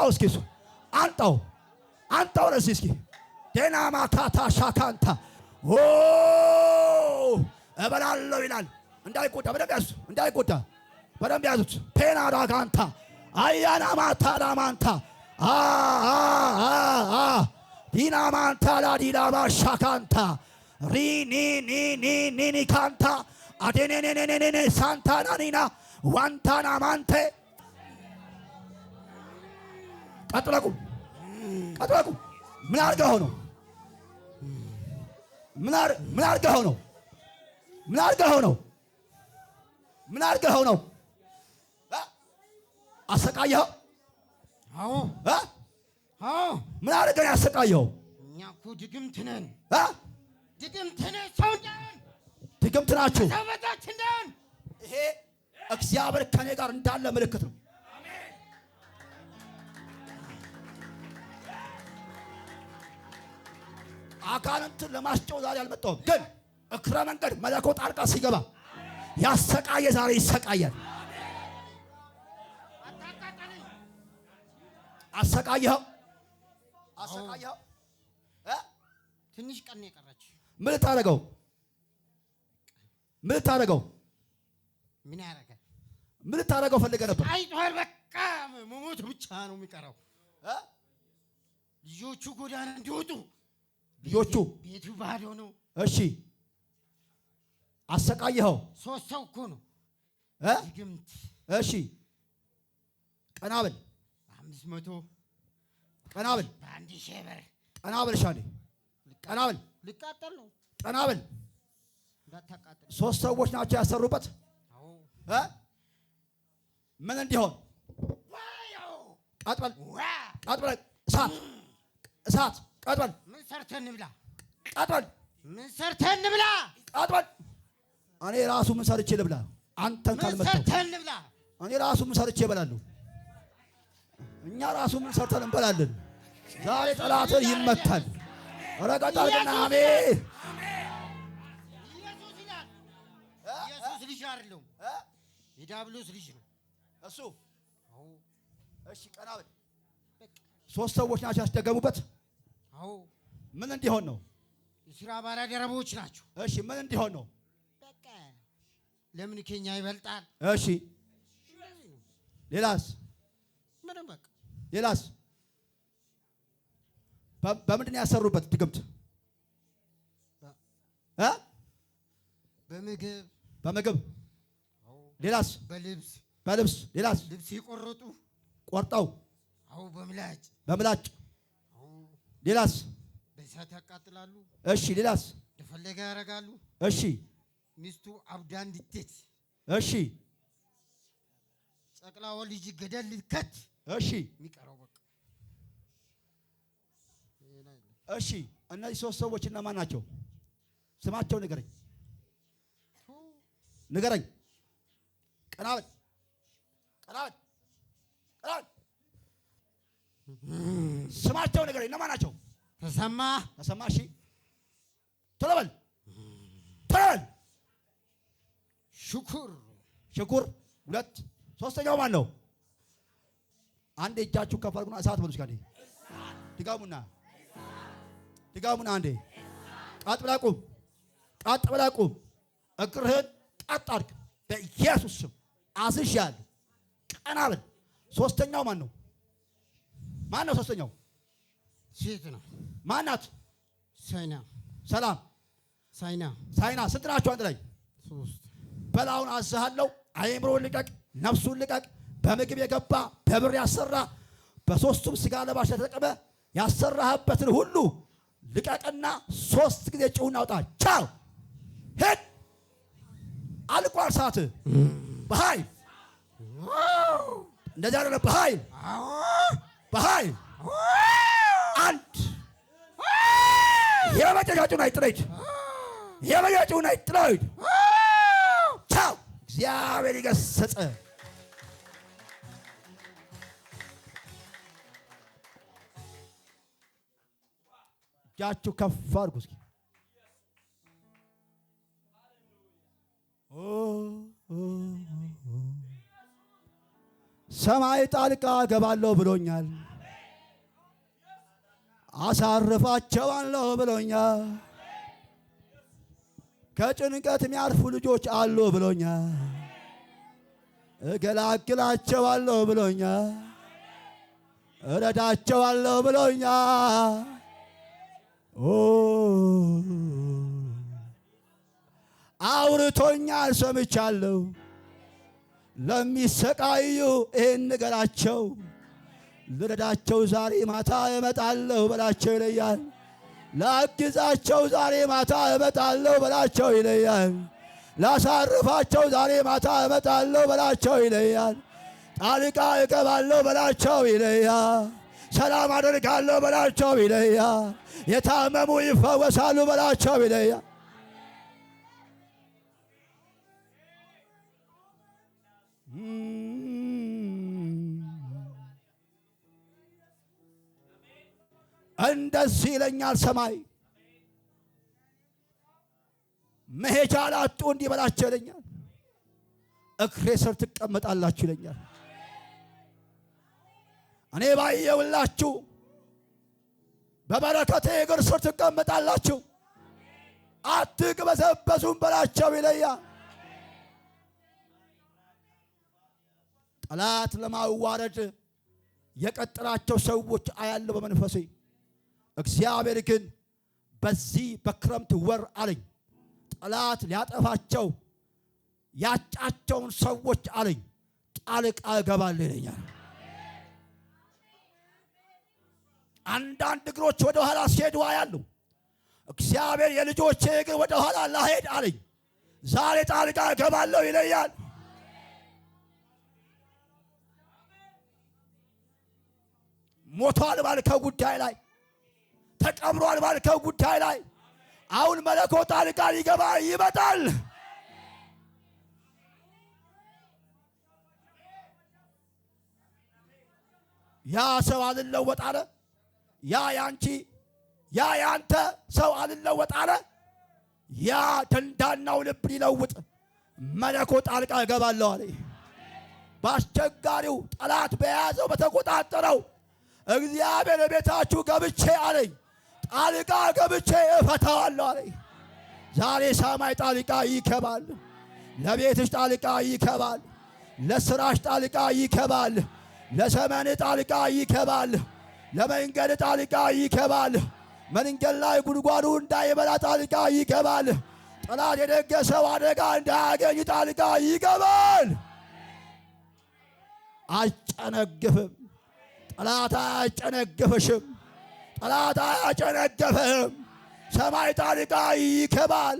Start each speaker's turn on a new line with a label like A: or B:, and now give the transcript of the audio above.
A: አንጣው እስኪ እሱ አንጣው አንጣው ነስ እስኪ ዴና ማካታ ሻካንታ ኦ እበላለሁ ይላል። እንዳይቆጣ በደንብ ያዙት፣ እንዳይቆጣ በደንብ ያዙት። ፔና ዳጋንታ አያና ማታ ዳማንታ አ አ አ ዲና ማንታ ላዲላ ባሻካንታ ሪኒ ኒ ኒ ኒ ኒ ካንታ አዴኔ ኔ ኔ ኔ ሳንታ ናኒና ዋንታና ማንቴ ቀጥሎ ቁም፣ ቀጥሎ ቁም። ምን አድርገኸው ነው? ምን አድርገኸው ነው? ምን አድርገኸው ነው? ምን አድርገኸው ነው? አሰቃየኸው? አዎ አዎ። ምን አድርገህ ነው ያሰቃየኸው? እኛ እኮ ድግምት ነን፣ ድግምት ነን፣ ሰው ነን፣ ድግምት ናችሁ። ይሄ እግዚአብሔር ከኔ ጋር እንዳለ ምልክት ነው። አጋንንትን ለማስጨው ዛሬ አልመጣሁም። ግን እክረ መንገድ መለኮት ጣልቃ ሲገባ ያሰቃየ ዛሬ ይሰቃያል። አሰቃየኸው አሰቃየኸው። ትንሽ ቀን የቀረች ምን ታደርገው? ምን ታደርገው? ምን ያደርገ ምን ታደርገው ፈልገ ነበር? አይቷል። በቃ መሞት ብቻ ነው የሚቀረው። ልጆቹ ጎዳና እንዲወጡ ልጆቹ ቤቱ ባዶ ነው። እሺ አሰቃየኸው። ሶስት ሰው እኮ ነው። እሺ ቀና በል። አምስት መቶ ቀና በል። በአንድ ሺህ ብር ቀና በል። ሻሌ ቀና በል። ሊቃጠል ነው። ቀና በል። ሶስት ሰዎች ናቸው ያሰሩበት። ምን እንዲሆን ቃጥበል፣ ቃጥበል፣ እሳት፣ እሳት ቃጠል ምን ሰርተን እንብላ? ቃጠል ምን ሰርተን እንብላ? ቃጠል እኔ ራሱ ምን ሰርቼ ልብላ? አንተን ካልመጣ ምን ሰርተን እንብላ? እኔ ራሱ ምን ሰርቼ እበላለሁ? እኛ ራሱ ምን ሰርተን እንበላለን? ዛሬ ጠላት ይመታል። ኧረ ቃጠል ግን ኢየሱስ ልጅ አይደለም፣ የዲያብሎስ ልጅ ነው እሱ። እሺ ቀና በል። ሶስት ሰዎች ናቸው ያስደገሙበት አዎ ምን እንዲሆን ነው? የስራ ባሪያ ደረቦች ናቸው። እሺ ምን እንዲሆን ነው? በቃ ለምን ከኛ ይበልጣል? እሺ ሌላስ? ምንም በቃ ሌላስ? በምንድን ነው ያሰሩበት ድግምት? በምግብ በምግብ ሌላስ? በልብስ በልብስ ሌላስ? ልብስ ይቆርጡ ቆርጠው፣ አዎ በምላጭ በምላጭ ሌላስ? በእሳት ያቃጥላሉ። እሺ። ሌላስ? እንደፈለገ ያደርጋሉ። እሺ። ሚስቱ አብዳ እንድትት። እሺ። ጨቅላው ልጅ ገደል ልከት። እሺ። የሚቀረው በቃ እሺ። እነዚህ ሶስት ሰዎች እነማን ናቸው? ስማቸው ንገረኝ፣ ንገረኝ። ቀናበት ቀናበት ስማቸው ነገር እነማን ናቸው? ተሰማ ተሰማ። እሺ ቶሎ በል ቶሎ በል። ሽኩር ሽኩር። ሁለት ሶስተኛው ማን ነው? አንዴ እጃችሁን ከፍ አድርጉና እሳት በሉ። እስካለ ድጋሙና ድጋሙና አንዴ ቃጥ ብላ ቁም፣ ቃጥ ብላ ቁም። እግርህን ቃጥ አድርግ በኢየሱስ ስም አዝዣለሁ። ቀና በል። ሶስተኛው ማን ነው? ማን ነው? ሶስተኛው ሴት ነው። ማናት? ሳይና ሰላም ሳይና ሳይና። ስንት ናችሁ አንድ ላይ? ሶስት በላውን አዝሃለሁ። አይምሮን ልቀቅ፣ ነፍሱን ልቀቅ። በምግብ የገባ በብር ያሰራ በሶስቱም ስጋ ለባሽ የተጠቀመ ያሰራህበትን ሁሉ ልቀቅና ሶስት ጊዜ ጭሁን አውጣ። ቻው ሄድ። አልቋል ሰዓት። በኃይል እንደዚህ አይደለም፣ በኃይል በኃይል አንድ የመጨጫጩን አይጥለድ የመጨጫጩን አይጥለድ። ቻው እግዚአብሔር ይገሰጸ እጃችሁ ከፍ አድርጉ እስኪ። ኦ ኦ ሰማይ ጣልቃ ገባለሁ ብሎኛል። አሳርፋቸዋለሁ ብሎኛል። ከጭንቀት የሚያርፉ ልጆች አሉ ብሎኛል። እገላግላቸዋለሁ ብሎኛል። እረዳቸዋለሁ ብሎኛል። አውርቶኛል፣ ሰምቻለሁ። ለሚሰቃዩ ይህን ንገራቸው። ልረዳቸው ዛሬ ማታ እመጣለሁ በላቸው ይለያል። ላግዛቸው ዛሬ ማታ እመጣለሁ በላቸው ይለያል። ላሳርፋቸው ዛሬ ማታ እመጣለሁ በላቸው ይለያል። ጣልቃ እገባለሁ በላቸው ይለያ ሰላም አደርጋለሁ በላቸው ይለያ የታመሙ ይፈወሳሉ በላቸው ይለያል። እንደዚህ ይለኛል ሰማይ መሄጃ ላጡ እንዲህ በላቸው ይለኛል። እግሬ ስር ትቀመጣላችሁ ይለኛል። እኔ ባየውላችሁ በበረከቴ እግር ስር ትቀመጣላችሁ፣ አትቅበዘበዙም በላቸው ይለኛል። ጠላት ለማዋረድ የቀጠራቸው ሰዎች አያለሁ በመንፈሴ። እግዚአብሔር ግን በዚህ በክረምት ወር አለኝ ጠላት ሊያጠፋቸው ያጫቸውን ሰዎች አለኝ ጣልቃ እገባለሁ ይለኛል። አንዳንድ እግሮች ወደ ኋላ ሲሄዱ አያሉ። እግዚአብሔር የልጆቼ እግር ወደ ኋላ ላሄድ አለኝ ዛሬ ጣልቃ እገባለሁ ይለኛል። ሞቷል ባልከው ጉዳይ ላይ ተቀብሯል ባልከው ጉዳይ ላይ አሁን መለኮ ጣልቃ ሊገባ ይመጣል። ያ ሰው አልለወጥ አለ። ያ ያንቺ ያ ያንተ ሰው አልለወጥ አለ። ያ ደንዳናው ልብ ሊለውጥ መለኮ ጣልቃ እገባለሁ አለ። በአስቸጋሪው ጠላት በያዘው በተቆጣጠረው እግዚአብሔር ቤታችሁ ገብቼ አለኝ፣ ጣልቃ ገብቼ እፈታዋለሁ አለኝ። ዛሬ ሰማይ ጣልቃ ይከባል። ለቤትሽ ጣልቃ ይከባል። ለስራሽ ጣልቃ ይከባል። ለዘመን ጣልቃ ይከባል። ለመንገድ ጣልቃ ይከባል። መንገድ ላይ ጉድጓዱ እንዳይበላ ጣልቃ ይከባል። ጠላት የደገሰው አደጋ እንዳያገኝ ጣልቃ ይገባል። አጨነግፍም ጠላት አያጨነግፍሽም። ጠላት አያጨነግፍም። ሰማይ ጣልቃ ይከባል።